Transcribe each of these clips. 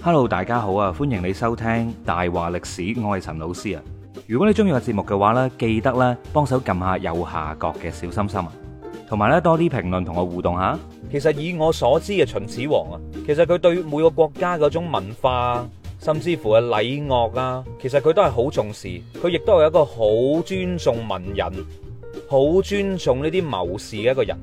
hello，大家好啊，歡迎你收聽大話歷史，我係陳老師啊。如果你中意個節目嘅話呢，記得咧幫手撳下右下角嘅小心心啊，同埋呢多啲評論同我互動下。其實以我所知嘅秦始皇啊，其實佢對每個國家嗰種文化，甚至乎係禮樂啊，其實佢都係好重視，佢亦都係一個好尊重文人。好尊重呢啲謀士嘅一個人，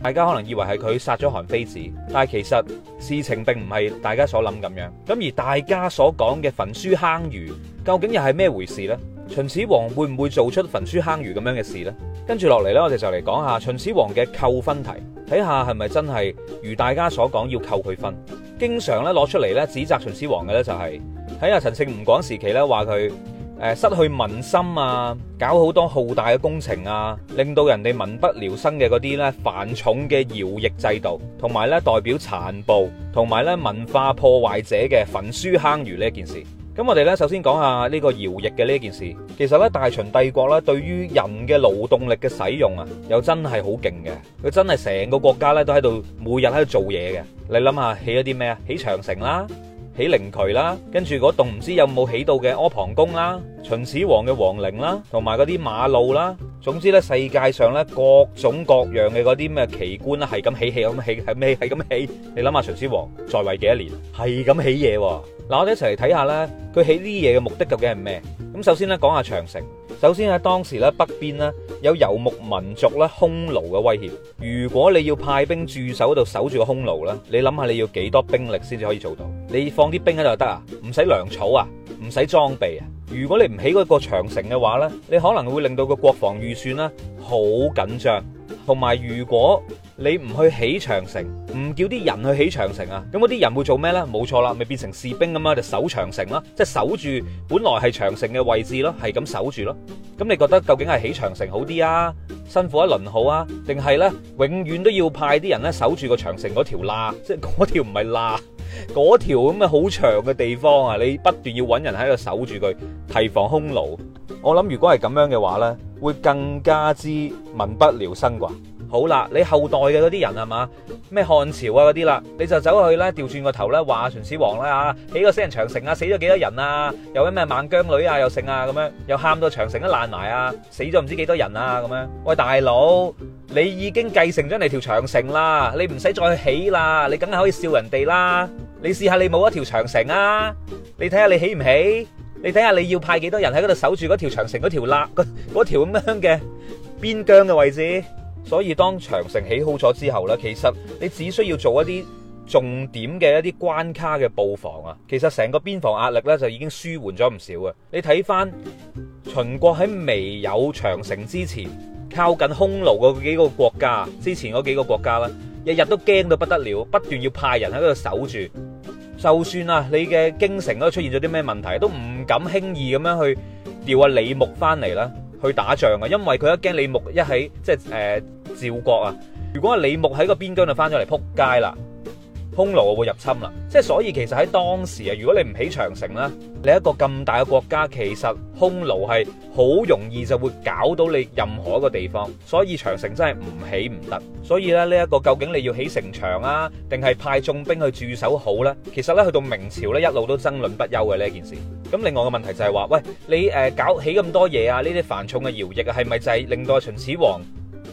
大家可能以為係佢殺咗韓非子，但係其實事情並唔係大家所諗咁樣。咁而大家所講嘅焚書坑儒，究竟又係咩回事呢？秦始皇會唔會做出焚書坑儒咁樣嘅事呢？跟住落嚟呢，我哋就嚟講下秦始皇嘅扣分題，睇下係咪真係如大家所講要扣佢分。經常咧攞出嚟咧指責秦始皇嘅咧就係睇下陳勝吳廣時期咧話佢。誒失去民心啊，搞好多浩大嘅工程啊，令到人哋民不聊生嘅嗰啲咧繁重嘅徭役制度，同埋咧代表殘暴，同埋咧文化破壞者嘅焚書坑儒呢一件事。咁我哋咧首先講下呢個徭役嘅呢一件事。其實咧大秦帝國咧對於人嘅勞動力嘅使用啊，又真係好勁嘅。佢真係成個國家咧都喺度每日喺度做嘢嘅。你諗下起咗啲咩啊？起長城啦。起靈渠啦，跟住嗰棟唔知有冇起到嘅阿房宮啦，秦始皇嘅皇陵啦，同埋嗰啲馬路啦，總之咧世界上咧各種各樣嘅嗰啲咩奇觀啦，係咁起起咁起，係咩係咁起？你諗下秦始皇在位幾多年，係咁起嘢喎？嗱，我哋一齊嚟睇下咧，佢起呢啲嘢嘅目的究竟係咩？咁首先咧講下長城。首先喺當時咧，北邊咧有游牧民族咧匈奴嘅威脅。如果你要派兵駐守度守住個匈奴咧，你諗下你要幾多兵力先至可以做到？你放啲兵喺度得啊？唔使糧草啊？唔使裝備啊？如果你唔起嗰個長城嘅話咧，你可能會令到個國防預算咧好緊張，同埋如果。你唔去起長城，唔叫啲人去起長城啊？咁嗰啲人會做咩呢？冇錯啦，咪變成士兵咁樣就守長城啦，啊，即係守住本來係長城嘅位置咯，係咁守住咯。咁你覺得究竟係起長城好啲啊？辛苦一輪好啊？定係呢？永遠都要派啲人咧守住個長城嗰條罅，即係嗰條唔係罅，嗰條咁嘅好長嘅地方啊，你不斷要揾人喺度守住佢，提防匈奴。我諗如果係咁樣嘅話呢，會更加之民不聊生啩。好啦，你後代嘅嗰啲人係嘛？咩漢朝啊嗰啲啦，你就走去咧掉轉個頭咧，話秦始皇啦嚇，起個死人長城啊，死咗幾多人啊？又咩咩孟姜女啊，又剩啊咁樣，又喊到長城都爛埋啊，死咗唔知幾多人啊咁樣。喂，大佬，你已經繼承咗你條長城啦，你唔使再起啦，你梗係可以笑人哋啦。你試下你冇一條長城啊，你睇下你起唔起？你睇下你要派幾多人喺嗰度守住嗰條長城嗰條喇，嗰條咁樣嘅邊疆嘅位置。所以當長城起好咗之後呢，其實你只需要做一啲重點嘅一啲關卡嘅布防啊，其實成個邊防壓力呢，就已經舒緩咗唔少嘅。你睇翻秦國喺未有長城之前，靠近匈奴嗰幾個國家，之前嗰幾個國家啦，日日都驚到不得了，不斷要派人喺度守住，就算啊你嘅京城都出現咗啲咩問題，都唔敢輕易咁樣去調啊李牧翻嚟啦。去打仗啊！因為佢一驚李牧一起，即係誒趙國啊！如果李牧喺個邊疆就翻咗嚟扑街啦～匈奴啊，會入侵啦，即係所以其實喺當時啊，如果你唔起長城咧，你一個咁大嘅國家，其實匈奴係好容易就會搞到你任何一個地方，所以長城真係唔起唔得。所以咧呢一個究竟你要起城牆啊，定係派重兵去駐守好呢？其實呢，去到明朝呢，一路都爭論不休嘅呢件事。咁另外個問題就係話，喂，你誒、呃、搞起咁多嘢啊，呢啲繁重嘅徭役啊，係咪就係令到秦始皇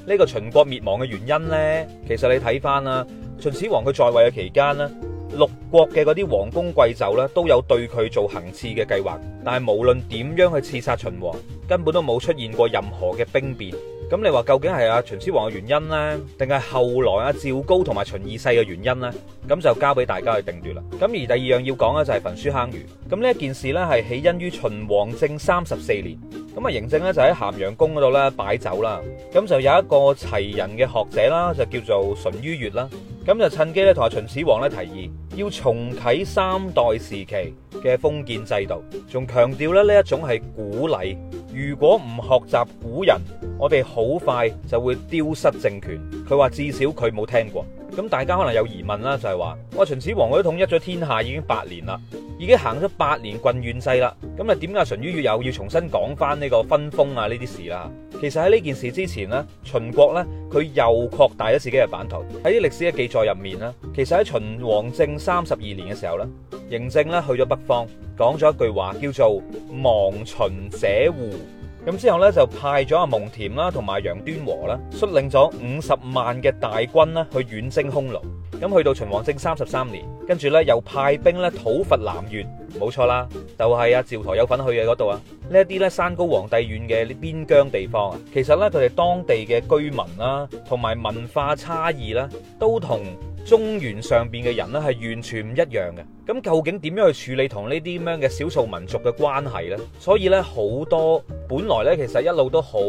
呢個秦國滅亡嘅原因呢？其實你睇翻啦。秦始皇佢在位嘅期間咧，六國嘅嗰啲王公貴胄咧都有對佢做行刺嘅計劃，但係無論點樣去刺殺秦王，根本都冇出現過任何嘅兵變。咁你話究竟係阿秦始皇嘅原因咧，定係後來阿趙高同埋秦二世嘅原因咧？咁就交俾大家去定奪啦。咁而第二樣要講嘅就係焚書坑儒。咁呢一件事咧係起因於秦王政三十四年，咁啊嬴政咧就喺咸陽宮嗰度咧擺酒啦，咁就有一個齊人嘅學者啦，就叫做淳於越啦。咁就趁機咧，同阿秦始皇咧提議，要重啟三代時期嘅封建制度，仲強調咧呢一種係古禮。如果唔學習古人，我哋好快就會丟失政權。佢話至少佢冇聽過。咁大家可能有疑問啦，就係話：哇，秦始皇佢統一咗天下已經八年啦，已經行咗八年郡縣制啦，咁啊點解秦於越又要重新講返呢個分封啊呢啲事啦？其實喺呢件事之前呢，秦國呢，佢又擴大咗自己嘅版圖。喺啲歷史嘅記載入面呢，其實喺秦王政三十二年嘅時候呢，嬴政呢去咗北方，講咗一句話叫做：亡秦者胡。咁之後呢，就派咗阿蒙恬啦，同埋楊端和啦，率領咗五十萬嘅大軍咧，去遠征匈奴。咁去到秦王政三十三年，跟住呢又派兵咧討伐南越。冇錯啦，就係阿趙佗有份去嘅嗰度啊。呢一啲咧山高皇帝遠嘅邊疆地方啊，其實呢，佢哋當地嘅居民啦，同埋文化差異咧，都同，中原上邊嘅人咧，係完全唔一樣嘅。咁究竟點樣去處理同呢啲咁樣嘅少數民族嘅關係呢？所以呢，好多本來呢，其實一路都好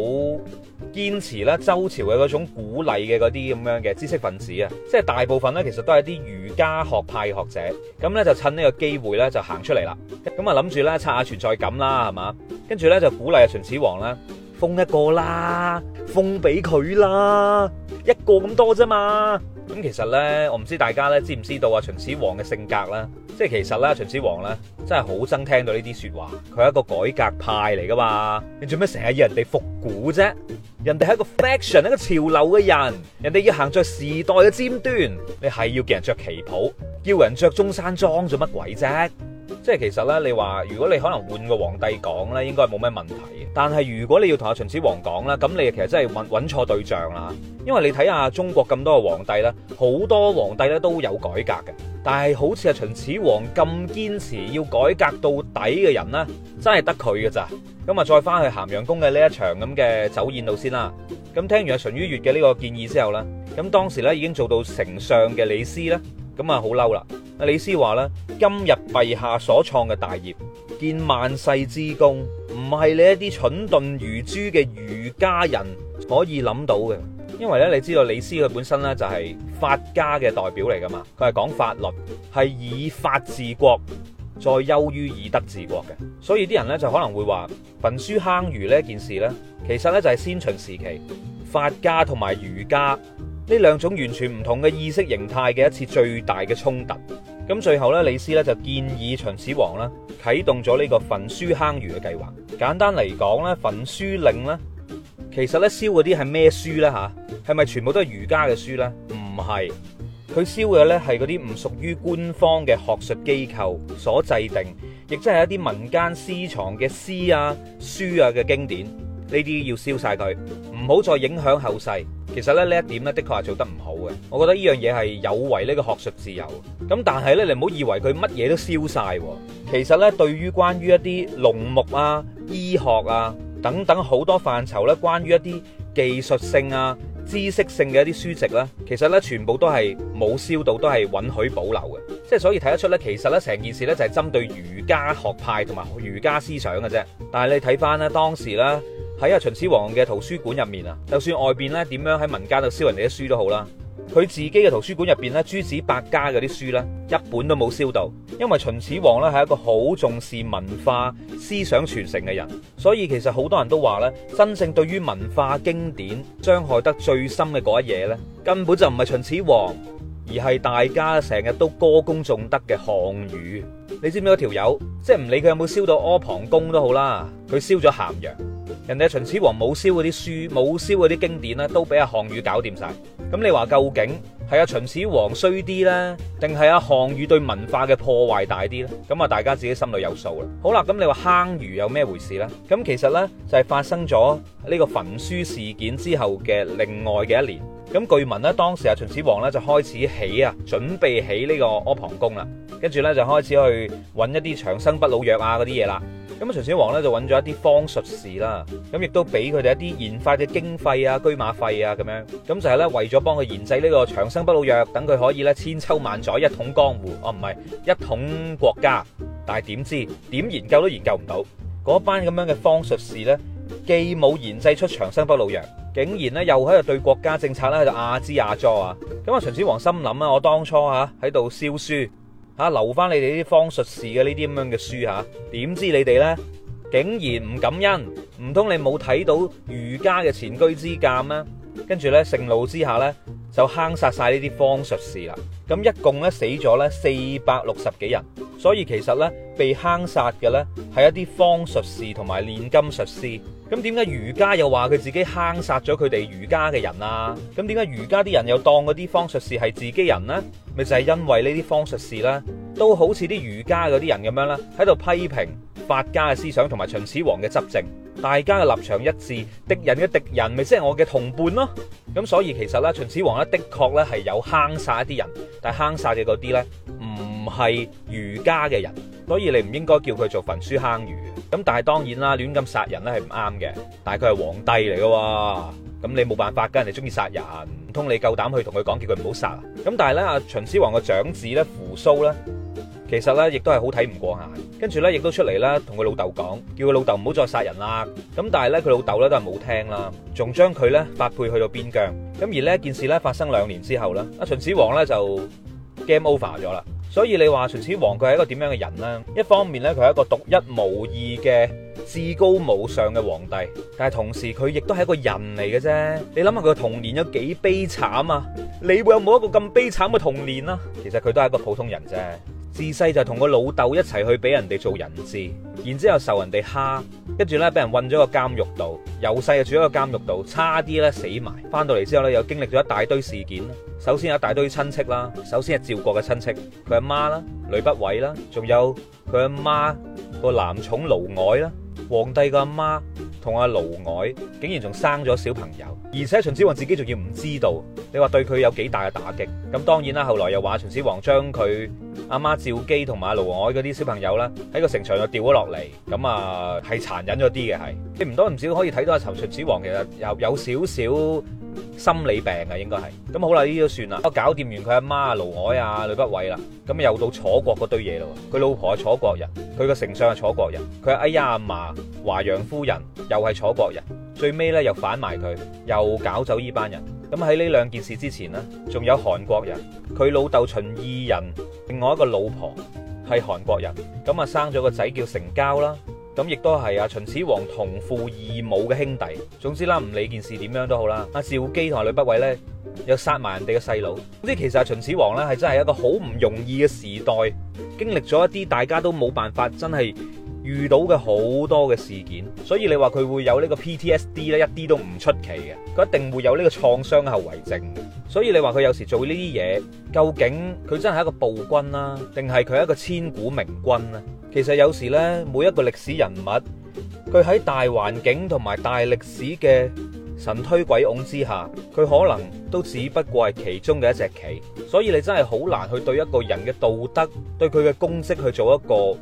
堅持咧，周朝嘅嗰種鼓勵嘅嗰啲咁樣嘅知識分子啊，即係大部分呢，其實都係啲儒家學派學者，咁呢，就趁呢個機會呢，就行出嚟啦。咁啊諗住呢，刷下存在感啦，係嘛？跟住呢，就鼓勵秦始皇啦，封一個啦，封俾佢啦，一個咁多啫嘛。咁其實呢，我唔知大家咧知唔知道啊秦始皇嘅性格啦，即係其實咧，秦始皇呢真係好憎聽到呢啲説話。佢係一個改革派嚟㗎嘛，你做咩成日要人哋復古啫？人哋係一個 fashion，一個潮流嘅人，人哋要行着時代嘅尖端。你係要叫人着旗袍，要人着中山裝做乜鬼啫？即係其實呢，你話如果你可能換個皇帝講呢，應該冇咩問題嘅。但係如果你要同阿秦始皇講呢，咁你其實真係揾揾錯對象啦。因為你睇下中國咁多個皇帝呢，好多皇帝呢都有改革嘅，但係好似阿秦始皇咁堅持要改革到底嘅人呢，真係得佢㗎咋。咁啊，再翻去咸陽宮嘅呢一場咁嘅酒宴度先啦。咁聽完阿淳于越嘅呢個建議之後呢，咁當時呢已經做到丞相嘅李斯呢。咁啊，好嬲啦！阿李斯話咧，今日陛下所創嘅大業，見萬世之功，唔係你一啲蠢鈍愚豬嘅儒家人可以諗到嘅。因為呢，你知道李斯佢本身呢，就係法家嘅代表嚟噶嘛，佢係講法律，係以法治國，再優於以德治國嘅。所以啲人呢，就可能會話，焚書坑儒呢件事呢，其實呢，就係先秦時期法家同埋儒家。呢兩種完全唔同嘅意識形態嘅一次最大嘅衝突，咁最後呢，李斯呢就建議秦始皇啦，啟動咗呢個焚書坑儒嘅計劃。簡單嚟講呢，焚書令呢，其實呢燒嗰啲係咩書呢？吓？係咪全部都係儒家嘅書呢？唔係，佢燒嘅呢係嗰啲唔屬於官方嘅學術機構所制定，亦即係一啲民間私藏嘅詩啊書啊嘅經典，呢啲要燒晒佢，唔好再影響後世。其實咧呢一點呢，的確係做得唔好嘅，我覺得呢樣嘢係有違呢個學術自由。咁但係呢，你唔好以為佢乜嘢都燒晒，其實呢，對於關於一啲農牧啊、醫學啊等等好多範疇呢，關於一啲技術性啊、知識性嘅一啲書籍呢，其實呢，全部都係冇燒到，都係允許保留嘅。即係所以睇得出呢，其實呢成件事呢，就係針對儒家學派同埋儒家思想嘅啫。但係你睇翻呢當時呢。喺啊，秦始皇嘅圖書館入面啊，就算外邊咧點樣喺民間度燒人哋啲書都好啦，佢自己嘅圖書館入邊咧，諸子百家嗰啲書咧一本都冇燒到，因為秦始皇咧係一個好重視文化思想傳承嘅人，所以其實好多人都話咧，真正對於文化經典傷害得最深嘅嗰一嘢咧，根本就唔係秦始皇，而係大家成日都歌功頌德嘅項羽。你知唔知嗰條友即係唔理佢有冇燒到阿房宮都好啦，佢燒咗咸陽。人哋秦始皇冇燒嗰啲書，冇燒嗰啲經典咧，都俾阿項羽搞掂晒。咁你話究竟係阿、啊、秦始皇衰啲呢？定係阿項羽對文化嘅破壞大啲呢？咁啊，大家自己心裏有數啦。好啦，咁你話坑儒有咩回事呢？咁其實呢，就係、是、發生咗呢個焚書事件之後嘅另外嘅一年。咁據聞呢，當時阿秦始皇呢，就開始起啊，準備起呢個阿房宮啦，跟住呢，就開始去揾一啲長生不老藥啊嗰啲嘢啦。咁啊秦始皇咧就揾咗一啲方術士啦，咁亦都俾佢哋一啲研發嘅經費啊、車馬費啊咁樣，咁就係咧為咗幫佢研製呢個長生不老藥，等佢可以咧千秋萬載一統江湖，哦唔係一統國家，但係點知點研究都研究唔到，嗰班咁樣嘅方術士咧既冇研製出長生不老藥，竟然咧又喺度對國家政策咧喺度亞之亞咗啊！咁啊秦始皇心諗啊，我當初吓喺度燒書。啊！留返你哋啲方術士嘅呢啲咁樣嘅書吓，點知你哋呢？竟然唔感恩？唔通你冇睇到儒家嘅前居之鑒咩？跟住呢，盛怒之下呢，就坑殺晒呢啲方術士啦。咁一共咧死咗咧四百六十幾人，所以其實咧被坑殺嘅咧係一啲方術士同埋煉金術師。咁點解儒家又話佢自己坑殺咗佢哋儒家嘅人啊？咁點解儒家啲人又當嗰啲方術士係自己人呢？咪就係因為呢啲方術士啦，都好似啲儒家嗰啲人咁樣啦，喺度批評法家嘅思想同埋秦始皇嘅執政，大家嘅立場一致，敵人嘅敵人咪即係我嘅同伴咯。咁所以其實咧秦始皇咧的確咧係有坑殺一啲人。但坑殺嘅嗰啲呢，唔係儒家嘅人，所以你唔應該叫佢做焚書坑儒。咁但係當然啦，亂咁殺人呢係唔啱嘅。但係佢係皇帝嚟嘅喎，咁你冇辦法㗎，人哋中意殺人，唔通你夠膽去同佢講叫佢唔好殺啊？咁但係呢，阿秦始皇個長子呢，扶蘇呢。其實咧，亦都係好睇唔過眼。跟住咧，亦都出嚟啦，同佢老豆講，叫佢老豆唔好再殺人啦。咁但係咧，佢老豆咧都係冇聽啦，仲將佢咧發配去到邊疆。咁而呢件事咧發生兩年之後咧，阿秦始皇咧就 game over 咗啦。所以你話秦始皇佢係一個點樣嘅人呢？一方面咧，佢係一個獨一無二嘅至高無上嘅皇帝，但係同時佢亦都係一個人嚟嘅啫。你諗下佢嘅童年有幾悲慘啊？你會有冇一個咁悲慘嘅童年啊？其實佢都係一個普通人啫。自細就同個老豆一齊去俾人哋做人質，然之後受人哋蝦，跟住呢，俾人困咗個監獄度，由細就住咗個監獄度，差啲咧死埋。翻到嚟之後呢，又經歷咗一大堆事件。首先有一大堆親戚啦，首先係趙國嘅親戚，佢阿媽啦，呂不韋啦，仲有佢阿媽個男寵嫪毐啦，皇帝個阿媽同阿嫪毐竟然仲生咗小朋友，而且秦始皇自己仲要唔知道，你話對佢有幾大嘅打擊？咁當然啦，後來又話秦始皇將佢。阿媽趙姬同埋盧愛嗰啲小朋友啦，喺個城牆度掉咗落嚟，咁啊係殘忍咗啲嘅係，你唔多唔少可以睇到阿秦始皇其實又有，有少少心理病啊。應該係，咁好啦，呢都算啦，我搞掂完佢阿媽啊盧愛啊呂不韋啦，咁又到楚國嗰堆嘢啦，佢老婆係楚國人，佢個丞相係楚國人，佢哎呀阿嫲華陽夫人又係楚國人，最尾咧又反埋佢，又搞走呢班人。咁喺呢兩件事之前呢，仲有韓國人，佢老豆秦異人，另外一個老婆係韓國人，咁啊生咗個仔叫成交啦，咁亦都係啊，秦始皇同父異母嘅兄弟。總之啦，唔理件事點樣都好啦，阿趙姬同阿呂不韋呢，又殺埋人哋嘅細路。即係其實秦始皇呢係真係一個好唔容易嘅時代，經歷咗一啲大家都冇辦法真係。遇到嘅好多嘅事件，所以你話佢會有呢個 PTSD 咧，一啲都唔出奇嘅，佢一定會有呢個創傷後遺症。所以你話佢有時做呢啲嘢，究竟佢真係一個暴君啦，啊，定係佢一個千古明君啊？其實有時咧，每一個歷史人物，佢喺大環境同埋大歷史嘅。神推鬼拱之下，佢可能都只不過係其中嘅一隻棋，所以你真係好難去對一個人嘅道德、對佢嘅功績去做一個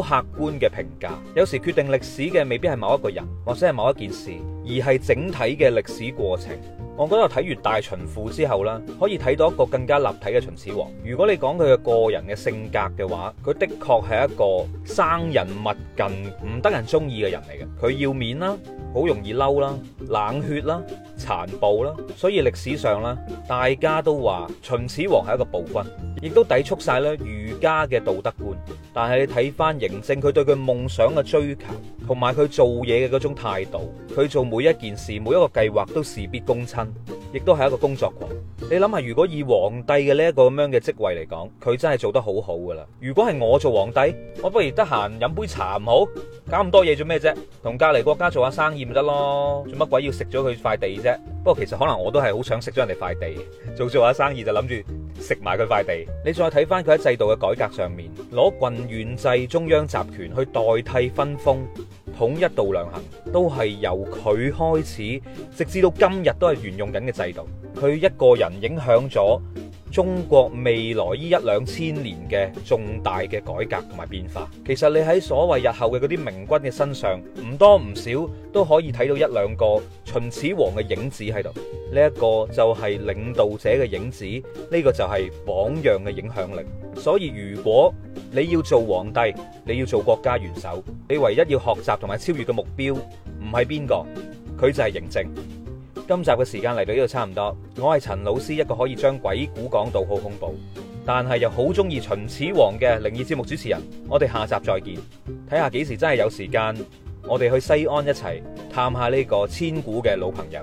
好客觀嘅評價。有時決定歷史嘅未必係某一個人，或者係某一件事，而係整體嘅歷史過程。我覺得睇完大秦賦之後啦，可以睇到一個更加立體嘅秦始皇。如果你講佢嘅個人嘅性格嘅話，佢的確係一個生人勿近、唔得人中意嘅人嚟嘅。佢要面啦。好容易嬲啦，冷血啦，殘暴啦，所以歷史上啦，大家都話秦始皇係一個暴君，亦都抵觸晒咧儒家嘅道德觀。但係你睇翻嬴政，佢對佢夢想嘅追求，同埋佢做嘢嘅嗰種態度，佢做每一件事、每一個計劃都事必躬親。亦都係一個工作狂。你諗下，如果以皇帝嘅呢一個咁樣嘅職位嚟講，佢真係做得好好噶啦。如果係我做皇帝，我不如得閒飲杯茶，唔好搞咁多嘢做咩啫？同隔籬國家做下生意咪得咯？做乜鬼要食咗佢塊地啫？不過其實可能我都係好想食咗人哋塊地，做做下生意就諗住食埋佢塊地。你再睇翻佢喺制度嘅改革上面，攞郡縣制中央集權去代替分封。統一度量衡都係由佢開始，直至到今日都係沿用緊嘅制度。佢一個人影響咗中國未來呢一兩千年嘅重大嘅改革同埋變化，其實你喺所謂日後嘅嗰啲明君嘅身上，唔多唔少都可以睇到一兩個秦始皇嘅影子喺度。呢一個就係領導者嘅影子，呢個就係榜樣嘅影響力。所以如果你要做皇帝，你要做國家元首，你唯一要學習同埋超越嘅目標，唔係邊個？佢就係嬴政。今集嘅時間嚟到呢度差唔多，我係陳老師，一個可以將鬼故講到好恐怖，但係又好中意秦始皇嘅靈異節目主持人。我哋下集再見，睇下幾時真係有時間，我哋去西安一齊探一下呢個千古嘅老朋友。